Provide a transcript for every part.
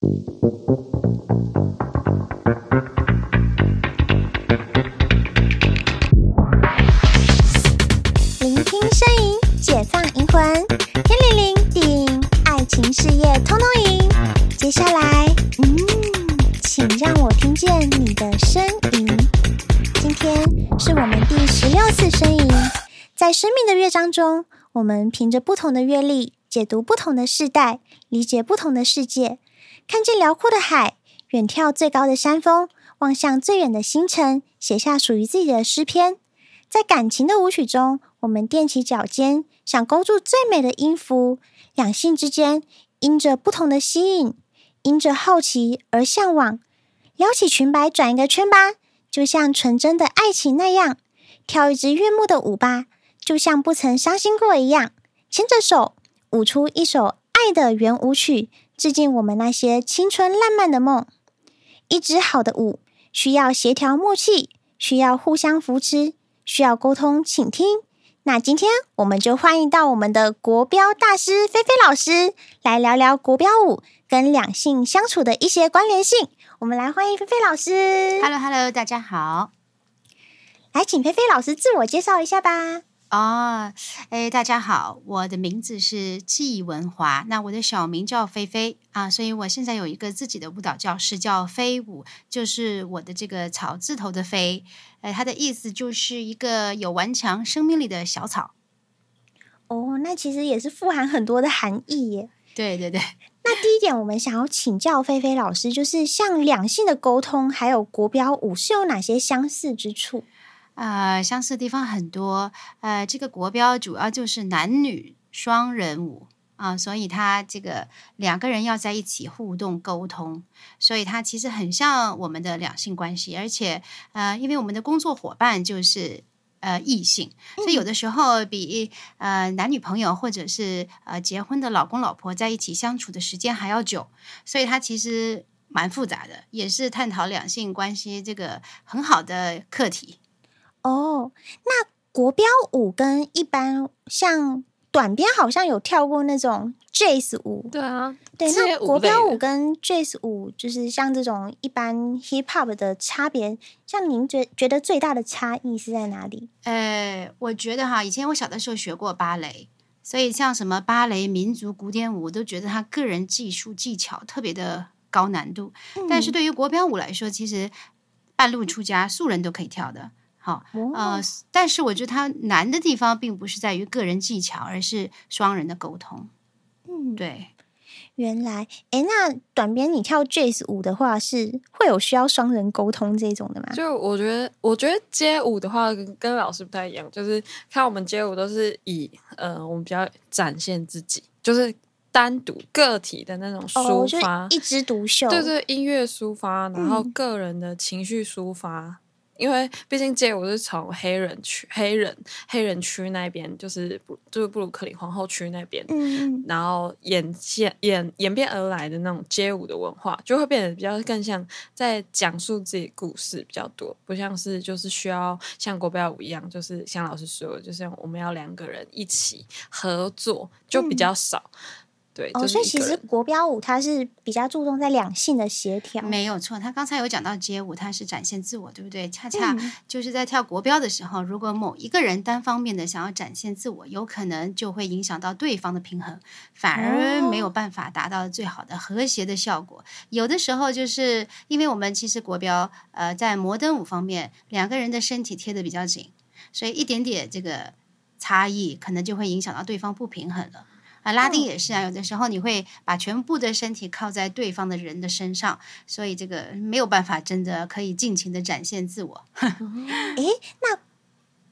聆聽聲寅，解放靈魂，天靈靈，地靈靈，愛情事業通通贏。接下來，嗯，請讓我聽見你的聲音。今天是我們第十六次聲寅，在生命的樂章中，我們憑着不同的閱歷，解讀不同的世代，理解不同的世界。看見遼闊的海，遠眺最高的山峰，望向最遠的星辰，寫下屬於自己的詩篇。在感情的舞曲中，我們踮起腳尖，想勾住最美的音符。兩性之間，因着不同的吸引，因着好奇而嚮往。撩起裙擺，轉一個圈吧，就像純真的愛情那樣，跳一支悅目的舞吧，就像不曾傷心過一樣，牽着手舞出一首愛的圓舞曲。致敬我們那些青春爛漫的夢。一支好的舞需要協調默契，需要互相扶持，需要溝通傾聽。那今天我們就歡迎到我們的國標大師菲菲老師來聊聊國標舞跟兩性相處的一些關聯性。我們來歡迎菲菲老師。Hello，Hello，hello, 大家好。來，請菲菲老師自我介紹一下吧。哦，哎、oh, 欸，大家好，我的名字是紀文華，那我的小名叫菲菲啊，所以我現在有一個自己的舞蹈教室叫菲舞，就是我的這個草字頭的菲，哎、欸，它的意思就是一個有頑強生命力的小草。哦，oh, 那其實也是富含很多的含義耶。對對對，那第一點，我們想要請教菲菲老師，就是像兩性的溝通，還有國標舞是有哪些相似之處？呃，相似的地方很多。呃，這個國標主要就是男女雙人舞啊，呃，所以它這個兩個人要在一起互動溝通，所以它其實很像我們的兩性關係。而且呃，因為我們的工作夥伴就是呃異性，所以有的時候比呃男女朋友或者是呃結婚的老公老婆在一起相處的時間還要久，所以它其實蠻複雜的，也是探討兩性關係這個很好的課題。哦，oh, 那國標舞跟一般像短邊好像有跳過那種 jazz 舞。對啊，對。那國標舞跟 jazz 舞就是像這種一般 hip hop 的差別，像您覺覺得最大的差異是在哪裡？呃、欸，我覺得哈，以前我小的時候學過芭蕾，所以像什麼芭蕾、民族、古典舞，我都覺得他個人技術技巧特別的高難度。嗯、但是對於國標舞來說，其實半路出家，素人都可以跳的。好，oh. 呃，但是我覺得它難的地方並不是在於個人技巧，而是雙人的溝通。嗯，對。原來，哎、欸，那短邊，你跳 JAZZ 舞的話，是會有需要雙人溝通這種的嗎？就我覺得，我覺得街舞的話跟，跟老師不太一樣，就是看我們街舞都是以呃，我們比較展現自己，就是單獨個體的那種抒發，oh, 一枝獨秀。對對，音樂抒發，然後個人的情緒抒發。嗯因為畢竟街舞是從黑人區、黑人、黑人區那邊，就是不就是布魯克林皇後區那邊，嗯、然後演演演變而來的那種街舞的文化，就會變得比較更像在講述自己故事比較多，不像是就是需要像國標舞一樣，就是像老師說，就是我們要兩個人一起合作，就比較少。嗯對哦，所以其實國標舞它是比較注重在兩性的協調，沒有錯。他剛才有講到街舞，它是展現自我，對不對？恰恰就是在跳國標的時候，嗯、如果某一個人單方面的想要展現自我，有可能就會影響到對方的平衡，反而沒有辦法達到最好的和諧的效果。哦、有的時候，就是因為我們其實國標，呃，在摩登舞方面，兩個人的身體貼得比較緊，所以一點點這個差異，可能就會影響到對方不平衡了。啊，拉丁也是啊，有的時候你會把全部的身體靠在對方的人的身上，所以這個沒有辦法真的可以盡情的展現自我。哎 那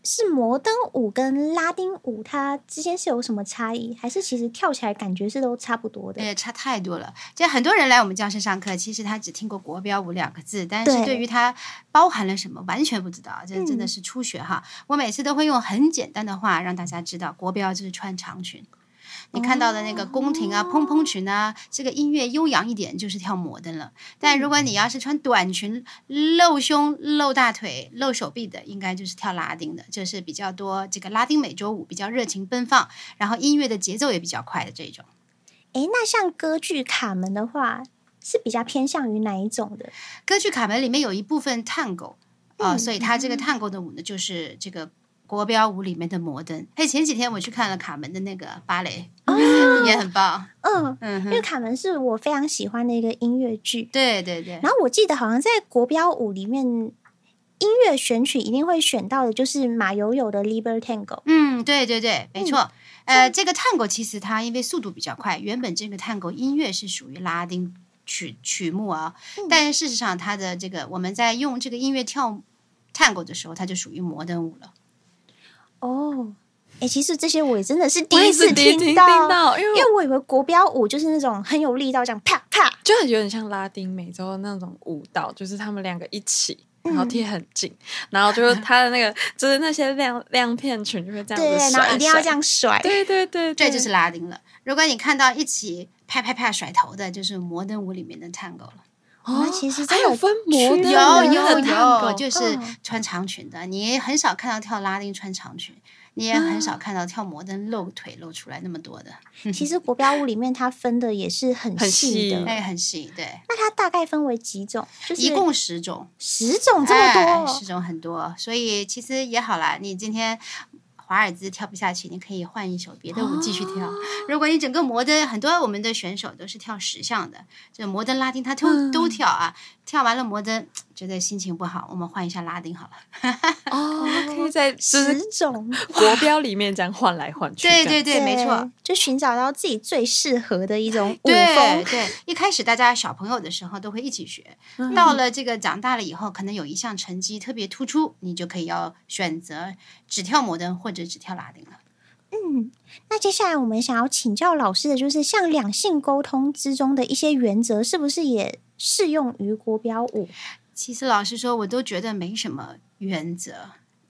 是摩登舞跟拉丁舞它之間是有什麼差異，還是其實跳起來感覺是都差不多的？哎，差太多了。就很多人來我們教室上課，其實他只聽過國標舞兩個字，但是對於它包含了什麼完全不知道，這真的是初學哈。嗯、我每次都會用很簡單的話讓大家知道，國標就是穿長裙。你看到的那個宮廷啊，oh, 蓬蓬裙啊，這個音樂悠揚一點就是跳摩登了。但如果你要是穿短裙、露胸、露大腿、露手臂的，應該就是跳拉丁的。就是比較多這個拉丁美洲舞，比較熱情奔放，然後音樂的節奏也比較快的這種。誒，那像歌劇《卡門》的話，是比較偏向於哪一種的？歌劇《卡門》裡面有一部分探戈啊，嗯，所以它這個探戈的舞呢，就是這個國標舞裡面的摩登，還、hey, 前幾天我去看了卡門的那個芭蕾，oh, 也很棒。Uh, 嗯嗯哼，因為卡門是我非常喜歡的一個音樂劇。對對對。然後我記得好像在國標舞裡面，音樂選取一定會選到的，就是馬友友的 Liber Tango。嗯，對對對，沒錯。嗯、呃，嗯、這個 t a 其實它因為速度比較快，原本這個探 a 音樂是屬於拉丁曲曲目啊、哦，嗯、但是事實上它的這個我們在用這個音樂跳探 a 的時候，它就屬於摩登舞了。哦，哎、oh, 欸，其實這些我也真的是第一次聽到，聽聽到因為因為我以為國標舞就是那種很有力道，這樣啪啪，就很有點像拉丁美洲的那種舞蹈，就是他們兩個一起，然後貼很緊，嗯、然後就是他的那個， 就是那些亮亮片裙就會這樣子甩、甩對，然後一定要這樣甩，對對、對對對，這就是拉丁了。如果你看到一起啪啪啪甩頭的，就是摩登舞裡面的探戈了。哦，哦其實它有，有分摩登的，啊，有有有，嗯、就是穿長裙的，哦、你很少看到跳拉丁穿長裙，你也很少看到跳摩登露腿露出來那麼多的。啊、 其實國標舞裡面它分的也是很細的，哎細、欸，很細。對，那它大概分為幾種？就是，種一共十種，十、欸、種這麼多，十、欸、種很多，所以其實也好啦，你今天。華爾茲跳不下去，你可以換一首別的舞繼續跳。哦、如果你整個摩登很多，我們的選手都是跳十項的，就摩登拉丁他都、嗯、都跳啊。跳完了摩登，覺得心情不好，我們換一下拉丁好了。哈哈哈，我們可以在十種國標裡面這樣換來換去。哇樣對對對，沒錯，就尋找到自己最適合的一種舞風。風。對，一開始大家小朋友的時候都會一起學，嗯、到了這個長大了以後，可能有一項成績特別突出，你就可以要選擇只跳摩登或者。只跳拉丁了。嗯，那接下來我們想要請教老師的就是，像兩性溝通之中的一些原則，是不是也適用於國標舞？其實老師說，我都覺得沒什麼原則。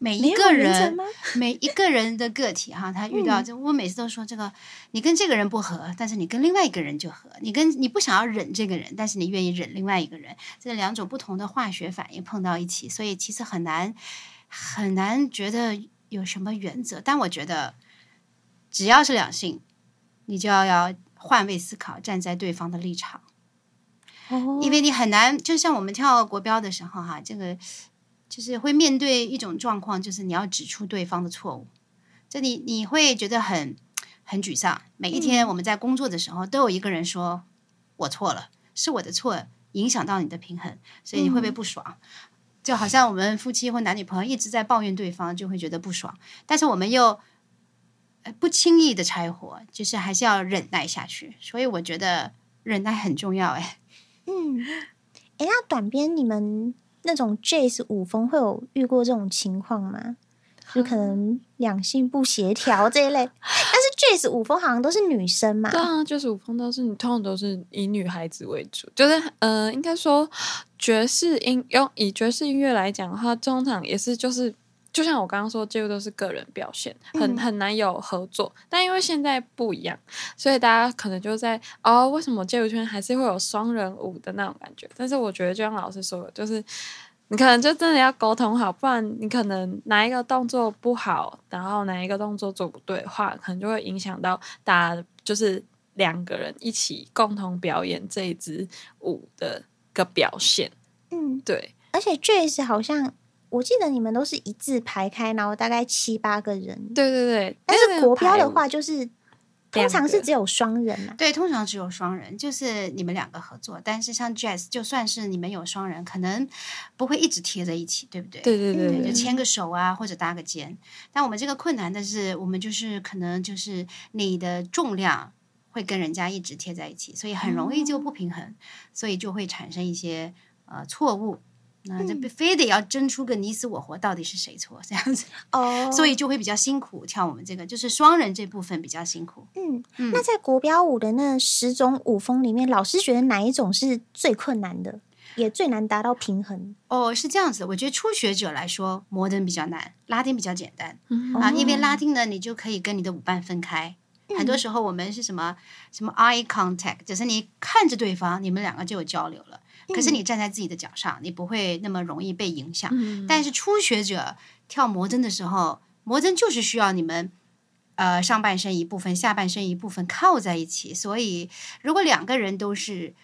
每一個人， 每一個人的個體哈、啊，他遇到、嗯、就我每次都說，這個你跟這個人不合，但是你跟另外一個人就合。你跟你不想要忍這個人，但是你願意忍另外一個人，這兩種不同的化學反應碰到一起，所以其實很難很難覺得。有什麼原則？但我覺得，只要是兩性，你就要要換位思考，站在對方的立場。哦哦，因為你很難，就像我們跳國標的時候哈、啊，這個就是會面對一種狀況，就是你要指出對方的錯誤，這裡你，你會覺得很很沮喪。每一天我們在工作的時候，嗯、都有一個人說我錯了，是我的錯，影響到你的平衡，所以你會不會不爽？嗯就好像我們夫妻或男女朋友一直在抱怨對方，就會覺得不爽。但是我們又、呃、不輕易的拆夥，就是還是要忍耐下去。所以我覺得忍耐很重要、欸。誒嗯，誒那短邊你們那種 jazz 舞風會有遇過這種情況嗎？ 就可能兩性不協調這一類。舞風好像都是女生嘛？對啊，就是舞風都是，你通常都是以女孩子為主。就是，嗯、呃，應該說爵士音用以爵士音樂來講的話，通常也是就是，就像我剛剛說，幾乎都是個人表現，很很難有合作。嗯、但因為現在不一樣，所以大家可能就在哦，為什麼街舞圈還是會有雙人舞的那種感覺？但是我覺得，就像老師說的，就是。你可能就真的要溝通好，不然你可能哪一個動作不好，然後哪一個動作做不對的話，話可能就會影響到大家，就是兩個人一起共同表演這一支舞的個表現。嗯，對。而且這次好像，我記得你們都是一字排開，然後大概七八個人。對對對，但是國標的話就是。通常是只有雙人嘛。啊？對，通常只有雙人，就是你們兩個合作。但是像 j Jazz 就算是你們有雙人，可能不會一直貼在一起，對不對？對對、嗯、對，就牽個手啊，或者搭個肩。但我們這個困難的是，我們就是可能就是你的重量會跟人家一直貼在一起，所以很容易就不平衡，嗯、所以就會產生一些呃錯誤。那就非得要爭出個你死我活，到底是誰錯這樣子。嗯，哦， 所以就會比較辛苦。像我們這個，就是雙人這部分比較辛苦。嗯，嗯，那在國標舞的那十種舞風裡面，老師覺得哪一種是最困難的，也最難達到平衡？哦，是這樣子。我覺得初學者來說，摩登比較難，拉丁比較簡單啊，嗯、因為拉丁呢，你就可以跟你的舞伴分開。嗯、很多時候，我們是什麼什麼 eye contact，就是你看着對方，你們兩個就有交流了。可是你站在自己的腳上，你不會那麼容易被影響。嗯、但是初學者跳摩登的時候，摩登就是需要你們，呃，上半身一部分，下半身一部分靠在一起。所以如果兩個人都是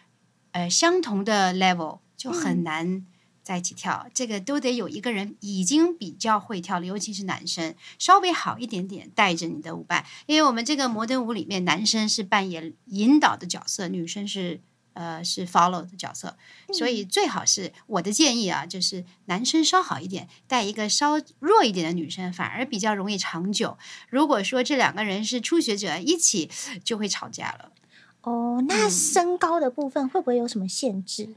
呃相同的 level，就很難在一起跳。嗯、這個都得有一個人已經比較會跳了，尤其是男生稍微好一點點，帶着你的舞伴，因為我們這個摩登舞裡面，男生是扮演引導的角色，女生是。呃，是 follow 的角色，所以最好是我的建議啊，嗯、就是男生稍好一點，帶一個稍弱一點的女生，反而比較容易長久。如果說這兩個人是初學者，一起就會吵架了。哦，那身高的部分會不會有什麼限制？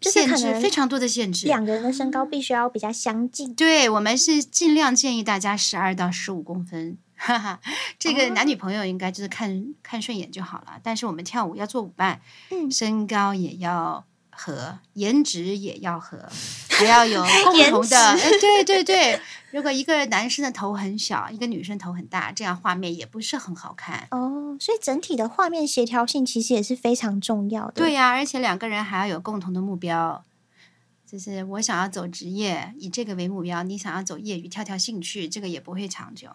限制，非常多的限制。兩個人的身高必須要比較相近。嗯、對，我們是盡量建議大家十二到十五公分。哈哈， 這個男女朋友應該就是看、oh. 看順眼就好了。但是我們跳舞要做舞伴，嗯、身高也要合，顏值也要合，還要有共同的。對對值對，對對對 如果一個男生的頭很小，一個女生頭很大，這樣畫面也不是很好看哦。Oh, 所以整體的畫面協調性其實也是非常重要的。對呀、啊，而且兩個人還要有共同的目標，就是我想要走職業，以這個為目標；你想要走業餘跳跳興趣，這個也不會長久。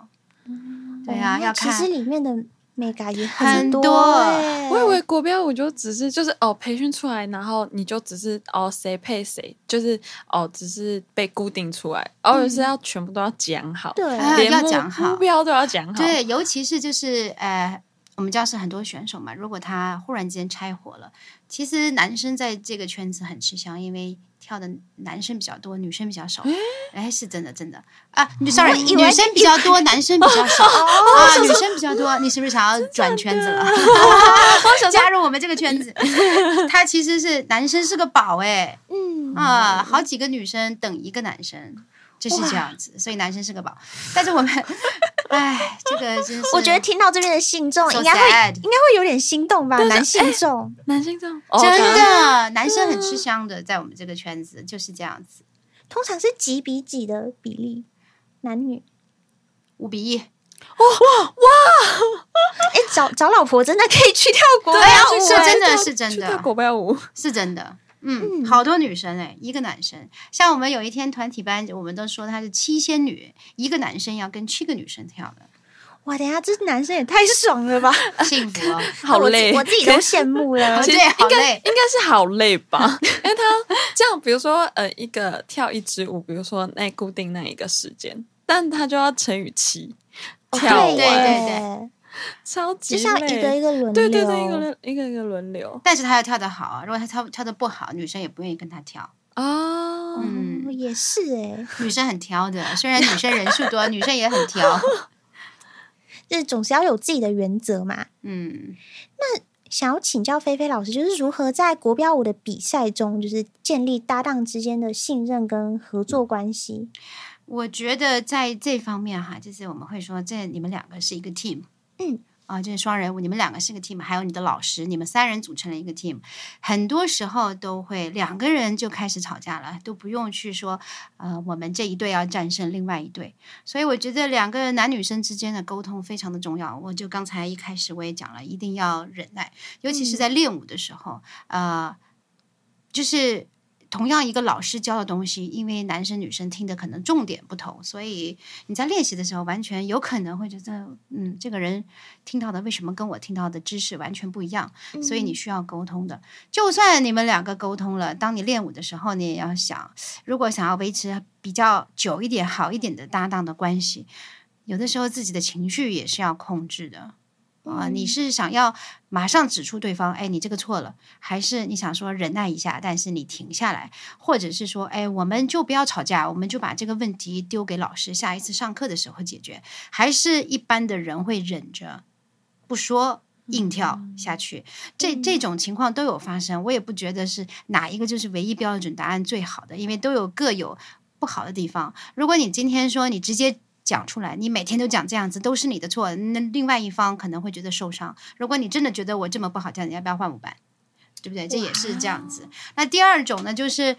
嗯、對呀、啊，要看其實裡面的美感也很多。很多欸，我以為國標，我就只是就是哦，培訓出來，然後你就只是哦誰配誰，就是哦只是被固定出來，嗯、而是要全部都要講好，對、啊，要講好，國標都要講好，對，尤其是就是呃，我們教室很多選手嘛，如果他忽然間拆夥了，其實男生在這個圈子很吃香，因為。跳的男生比較多，女生比較少。哎，是真的，真的啊！你 sorry，女生比較多，男生比較少啊。女生比較多，你是不是想要轉圈子了？加入我們這個圈子，他其實是男生是個寶，哎，嗯啊，好幾個女生等一個男生，就是這樣子。所以男生是個寶，但是我們。哎，這個真是我覺得聽到這邊的信眾應該會，應該會有點心動吧？男性眾，男性眾，真的，男生很吃香的，在我們這個圈子就是這樣子。通常是幾比幾的比例？男女五比一？哇哇哇！哎，找找老婆真的可以去跳國標舞，真的是真的，跳國標舞是真的。嗯，嗯，好多女生哎、欸，一個男生，像我們有一天團體班，我們都說她是七仙女，一個男生要跟七個女生跳的。哇，等下這男生也太爽了吧，幸福，哦、好累，我，我自己都羨慕了。是實啊、對，應該應該是好累吧？ 因為他這樣比如說呃，一個跳一支舞，比如說那固定那一個時間，但他就要乘以七跳完 okay, 對，對，對，對。超級就像一個一個輪流，對對對，一個輪一個一個輪流。但是他要跳得好啊，如果他跳跳得不好，女生也不願意跟他跳哦。Oh, 嗯，也是哎、欸，女生很挑的，雖然女生人數多， 女生也很挑， 就是總是要有自己的原則嘛。嗯，那想要請教菲菲老師，就是如何在國標舞的比賽中，就是建立搭檔之間的信任跟合作關係、嗯。我覺得在這方面哈，就是我們會說，這你們兩個是一個 team。嗯啊，這是雙人舞，你們兩個是一個 team，還有你的老師，你們三人組成了一個 team。很多時候都會兩個人就開始吵架了，都不用去說，呃，我們這一隊要戰勝另外一隊。所以我覺得兩個人男女生之間的溝通非常的重要。我就剛才一開始我也講了，一定要忍耐，尤其是在練舞的時候，嗯、呃，就是。同樣一個老師教的東西，因為男生女生聽的可能重點不同，所以你在練習的時候，完全有可能會覺得，嗯，這個人聽到的為什麼跟我聽到的知識完全不一樣？所以你需要溝通的。嗯、就算你們兩個溝通了，當你練舞的時候，你也要想，如果想要維持比較久一點、好一點的搭檔的關係，有的時候自己的情緒也是要控制的。啊、嗯、呃，你是想要馬上指出對方，誒、哎，你這個錯了，還是你想說忍耐一下，但是你停下來，或者是說，誒、哎，我們就不要吵架，我們就把這個問題丟給老師，下一次上課的時候解決，還是一般的人會忍着不說，硬跳下去。嗯、這這種情況都有發生。我也不覺得是哪一個就是唯一標準答案最好的，因為都有各有不好的地方。如果你今天說你直接，講出來，你每天都講這樣子都是你的錯，那另外一方可能會覺得受傷。如果你真的覺得我這麼不好教，你要不要換舞伴？對不對？這也是這樣子。哇那第二種呢，就是，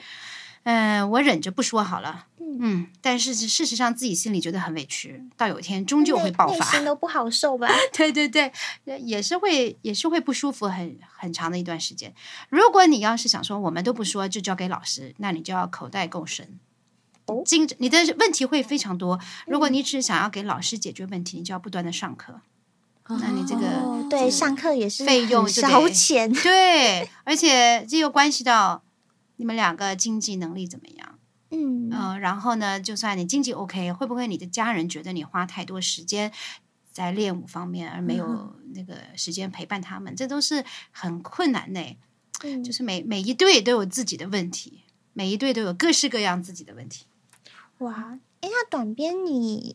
嗯、呃，我忍着不說好了，嗯，嗯，但是事實上自己心裡覺得很委屈，到有一天終究會爆發，心都不好受吧？ 對對對，也是會，也是會不舒服很，很很長的一段時間。如果你要是想說我們都不說，就交給老師，那你就要口袋夠深。經你的問題會非常多。如果你只想要給老師解決問題，嗯、你就要不斷的上課。哦、那你這個，這個對上課也是費用投錢，對，而且這又關係到你們兩個經濟能力怎麼樣。嗯、呃、然後呢，就算你經濟 OK，會不會你的家人覺得你花太多時間在練舞方面，而沒有那個時間陪伴他們？嗯、這都是很困難的。嗯、就是每每一對都有自己的問題，每一對都有各式各樣自己的問題。哇，哎、欸，那短編你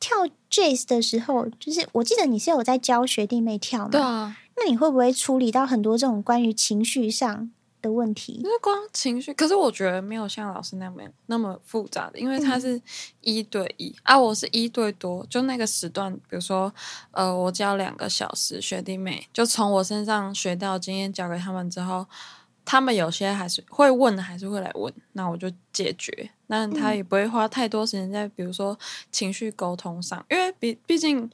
跳 Jazz 的時候，就是我記得你是有在教學弟妹跳嘛，對啊，那你會不會處理到很多這種關於情緒上的問題？因為光情緒，可是我覺得沒有像老師那邊那麼複雜的，因為他是一對一、嗯、啊，我是一對多，就那個時段，比如說呃，我教兩個小時，學弟妹就從我身上學到經驗教給他們之後。他們有些還是會問，還是會來問，那我就解決。但他也不會花太多時間在，比如說情緒溝通上，因為畢畢竟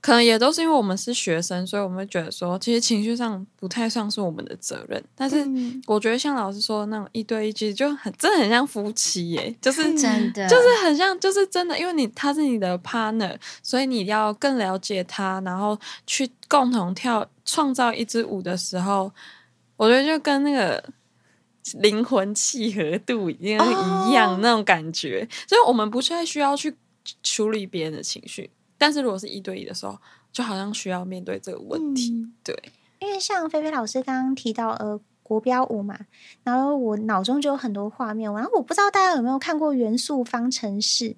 可能也都是因為我們是學生，所以我們會覺得說，其實情緒上不太算是我們的責任。但是我覺得像老師說的那種一對一，就很真的很像夫妻耶、欸，就是、是真的，就是很像，就是真的，因為你他是你的 partner，所以你要更了解他，然後去共同跳創造一支舞的時候。我覺得就跟那個靈魂契合度已經一樣，oh. 那種感覺，所以我們不太需要去處理別人的情緒，但是如果是一對一的時候，就好像需要面對這個問題。嗯、對，因為像菲菲老師剛剛提到呃國標舞嘛，然後我腦中就有很多畫面，然後我不知道大家有沒有看過元素方程式，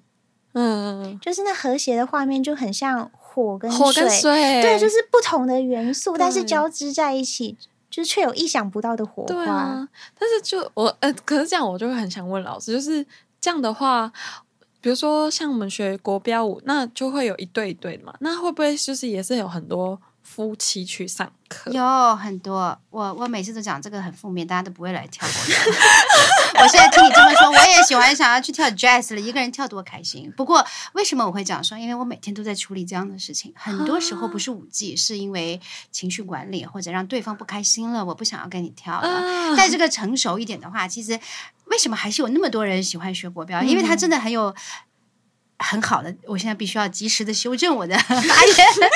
嗯，就是那和諧的畫面就很像火跟水，火跟水對，就是不同的元素，但是交織在一起。卻有意想不到的火花。對啊，但是就我呃，可是這樣我就會很想問老師，就是這樣的話，比如說像我們學國標舞，那就會有一對一對的嘛，那會不會就是也是有很多夫妻去上課？有很多，我我每次都講這個很負面，大家都不會來跳過來。 我現在聽你這麼說，我也喜歡想要去跳爵士了，一個人跳多開心。不過為什麼我會講說？因為我每天都在處理這樣的事情，很多時候不是舞技，啊、是因為情緒管理或者讓對方不開心了，我不想要跟你跳了。在、啊、這個成熟一點的話，其實為什麼還是有那麼多人喜歡學國標？嗯、因為他真的很有。很好的，我現在必須要及時的修正我的發言。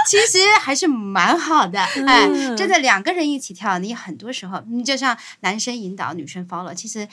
其實還是蠻好的，嗯、哎，真的兩個人一起跳，你很多時候，你就像男生引導女生 follow，其實。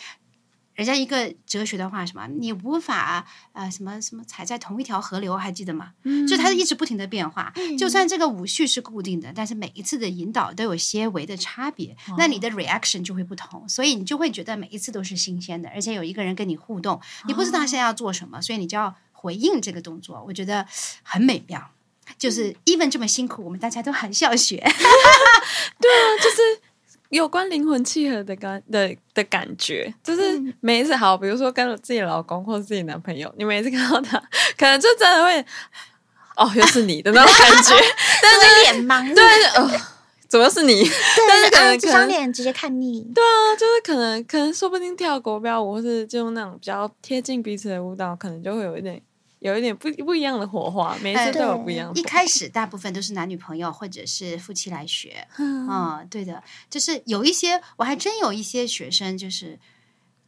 人家一個哲學的話，什麼？你無法啊、呃，什麼什麼踩在同一條河流，還記得嗎？嗯，就它一直不停的變化。嗯、就算這個舞序是固定的，嗯、但是每一次的引導都有些微的差別，哦、那你的 reaction 就會不同，所以你就會覺得每一次都是新鮮的。而且有一個人跟你互動，你不知道他現在要做什麼，哦、所以你就要回應這個動作。我覺得很美妙。就是 even 這麼辛苦，嗯、我們大家都很想學。 對啊，就是。有關靈魂契合的感的的感覺，就是每一次好，比如說跟自己老公或者自己男朋友，你每一次看到他，可能就真的會，哦，又是你的那種感覺，啊、但是臉、啊啊啊、盲你，對，主、呃、怎麼是你？對但是可能可能臉直接看膩。對啊，就是可能可能說不定跳國標舞或是就那種比較貼近彼此的舞蹈，可能就會有一點。有一點不不一樣的火花，每一次都有不一樣的火花、呃。一開始大部分都是男女朋友或者是夫妻來學，嗯，嗯，對的，就是有一些我還真有一些學生就是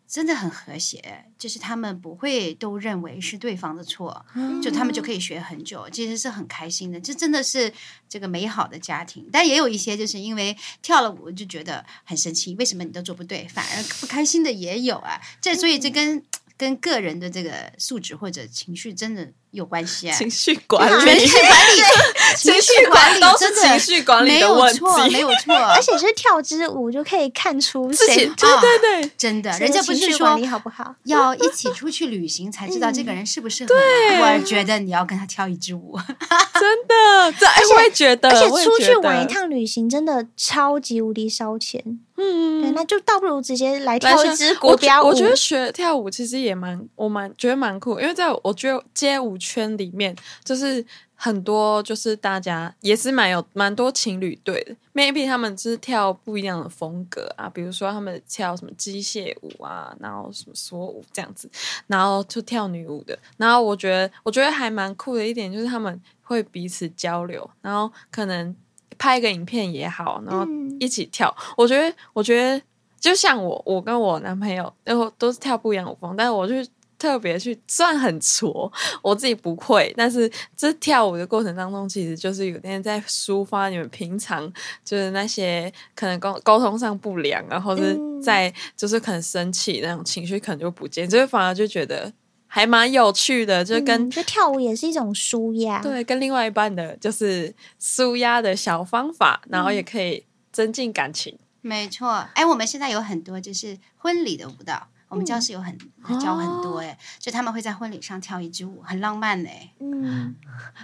真的很和諧，就是他們不會都認為是對方的錯，嗯、就他們就可以學很久，其實是很開心的，這真的是這個美好的家庭。但也有一些就是因為跳了舞就覺得很生氣，為什麼你都做不對，反而不開心的也有啊。這所以這跟。嗯跟個人的這個素質或者情緒，真的。有關係啊，情緒管理，情緒管理，情緒管理都是情緒管理的問題，沒有錯，沒有錯。而且是跳支舞就可以看出誰，對對對，真的，人家不是說你好不好？要一起出去旅行才知道這個人適不適合。對，我覺得你要跟他跳一支舞，真的，這，我也覺得，而且出去玩一趟旅行真的超級無敵燒錢。嗯，對，那就倒不如直接來跳一支國標舞。我我覺得學跳舞其實也蠻，我蠻覺得蠻酷，因為在我覺得街舞。圈裡面就是很多，就是大家也是蠻有蠻多情侶對的。Maybe 他們是跳不一樣的風格啊，比如說他們跳什麼機械舞啊，然後什麼鎖舞這樣子，然後就跳女舞的。然後我覺得，我覺得還蠻酷的一點就是他們會彼此交流，然後可能拍一個影片也好，然後一起跳。嗯。我覺得，我覺得就像我，我跟我男朋友然後都是跳不一樣舞風，但是我就是。特別去算很挫，我自己不會。但是這跳舞的過程當中，其實就是有點在抒發你們平常就是那些可能溝溝通上不良，然後是在就是很生氣那種情緒，可能就不見，嗯、就反而就覺得還蠻有趣的。就跟、嗯、就跳舞也是一種舒壓，對，跟另外一半的就是舒壓的小方法，然後也可以增進感情。嗯、沒錯。哎、欸，我們現在有很多就是婚禮的舞蹈。我們教室有很教很多哎，就他們會在婚禮上跳一支舞，很浪漫哎，嗯，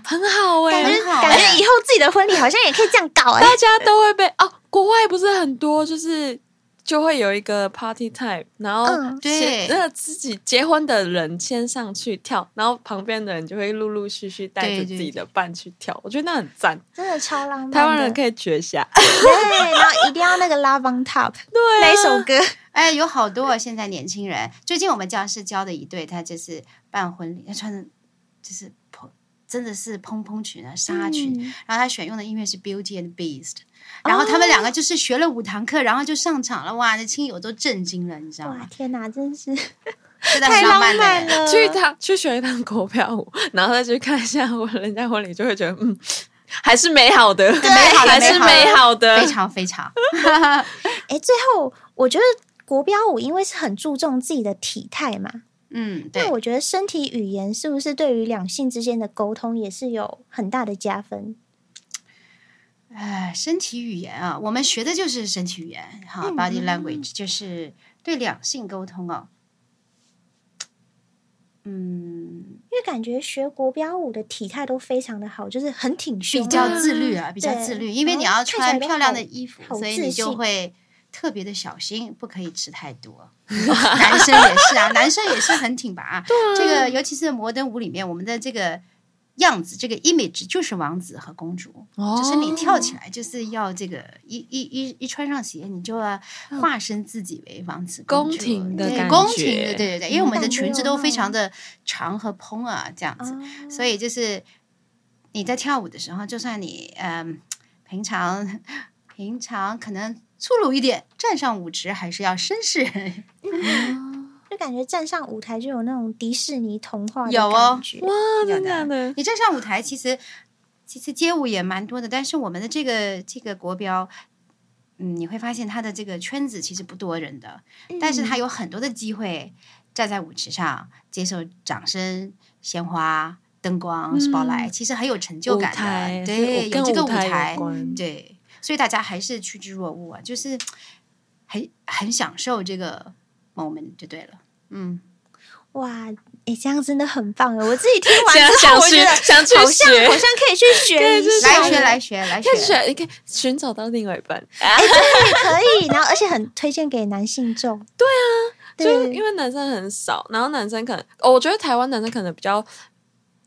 很好哎，感覺感覺以後自己的婚禮好像也可以這樣搞哎。大家都會被哦，國外不是很多，就是就會有一個 party time，然後對那自己結婚的人先上去跳，然後旁邊的人就會陸陸續續帶着自己的伴去跳，我覺得那很讚，真的超浪漫。台灣人可以學一下，對，然後一定要那個 Love on top，對，那首歌。哎，有好多啊，現在年輕人。最近我們教室教的一對，他就是辦婚禮，他穿的就是蓬，真的是蓬蓬裙啊紗裙。嗯、然後他選用的音樂是《Beauty and Beast》，然後他們兩個就是學了五堂課，然後就上場了。哇，那親友都震驚了，你知道嗎？哇，天哪，真是現在很浪漫的，太浪漫了！去一趟，去學一趟國標舞，然後再去看一下我人家婚禮，就會覺得嗯，還是美好的，美對好還是美好的，好非常非常。哎， 最後我覺得。國標舞因為是很注重自己的體態嘛，嗯，對，我覺得身體語言是不是對於兩性之間的溝通也是有很大的加分？唉、呃，身體語言啊，我們學的就是身體語言哈、嗯、body language 就是對兩性溝通哦。嗯，因為感覺學國標舞的體態都非常的好，就是很挺胸，啊，比較自律啊，比較自律，對因為你要穿漂亮的衣服，所以你就會。特別的小心，不可以吃太多。 男生也是啊， 男生也是很挺拔、啊。對，這個尤其是摩登舞裡面，我們的這個樣子，這個 image 就是王子和公主。哦，就是你跳起來就是要這個一一一一穿上鞋，你就、啊嗯、化身自己為王子公主。宮廷的感覺，宮廷的，對對對，因為我們的裙子都非常的長和蓬啊，嗯、這樣子，嗯、所以就是你在跳舞的時候，就算你嗯，平常平常可能。粗魯一點，站上舞池還是要紳士、嗯。就感覺站上舞台就有那種迪士尼童話有哦，哇，真的！你站上舞台，其實其實街舞也蠻多的，但是我們的這個這個國標，嗯，你會發現它的這個圈子其實不多人的，嗯、但是它有很多的機會站在舞池上，接受掌聲、鮮花、燈光、spotlight，嗯、其實很有成就感的。對，有這個舞台，對。所以大家還是趨之若鶩啊，就是很很享受這個 moment 就對了。嗯，哇，哎，這樣真的很棒！我自己聽完之後覺得想去學，好像可以去學，來學來學來學，可以尋找到另外一半。哎，可以，然後而且很推薦給男性眾。對啊，對，因為男生很少，然後男生可能，我覺得台灣男生可能比較，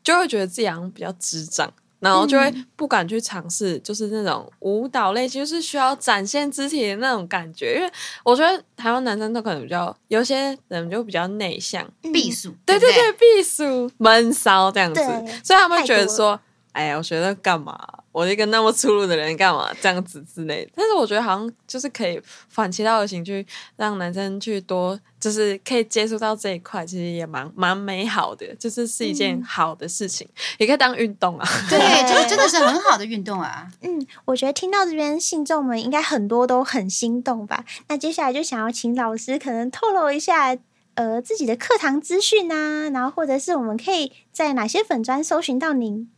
就會覺得自己好像比較智障。然後就會不敢去嘗試，就是那種舞蹈類，其實是需要展現肢體的那種感覺。因為我覺得台灣男生都可能比較有些人就比較內向、避暑、嗯，對對對，對對避暑、悶騷這樣子，對所以他們覺得說。哎呀，我學得幹嘛？我一個那麼粗魯的人幹嘛這樣子之類，但是我覺得好像就是可以反其道而行，去讓男生去多，就是可以接觸到這一塊，其實也蠻蠻美好的，就是是一件好的事情，嗯、也可以當運動啊。對， 就是真的是很好的運動啊。嗯，我覺得聽到這邊信眾們應該很多都很心動吧。那接下來就想要請老師可能透露一下，呃，自己的課堂資訊啊，然後或者是我們可以在哪些粉專搜尋到您？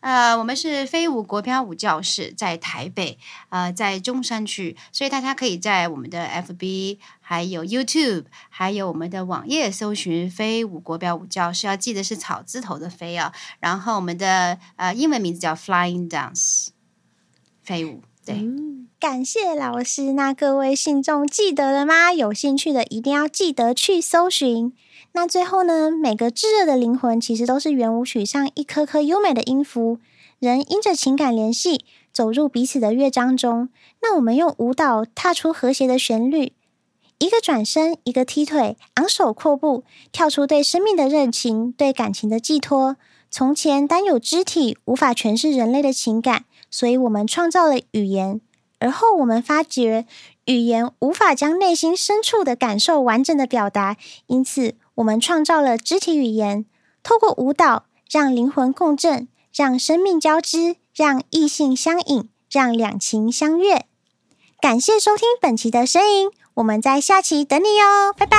呃，我們是菲舞國標舞教室，在台北，呃，在中山區，所以大家可以在我們的 FB，還有 YouTube，還有我們的網頁搜尋“菲舞國標舞教室”，要記得是草字頭的“菲”哦啊。然後我們的呃英文名字叫 Flying Dance，菲舞。對。嗯，感謝老師。那各位信眾記得了嗎？有興趣的一定要記得去搜尋。那最後呢？每個炙熱的靈魂其實都是圓舞曲上一顆顆優美的音符，人因着情感聯繫走入彼此的樂章中。那我們用舞蹈踏出和諧的旋律，一個轉身，一個踢腿，昂首闊步，跳出對生命的熱情，對感情的寄托。從前單有肢體無法詮釋人類的情感，所以我們創造了語言。而後我們發覺，語言無法將內心深處的感受完整地表達，因此。我們創造了肢體語言，透過舞蹈讓靈魂共振，讓生命交織，讓異性相引，讓兩情相悅。感謝收聽本期的聲寅，我們在下期等你喲、哦，拜拜。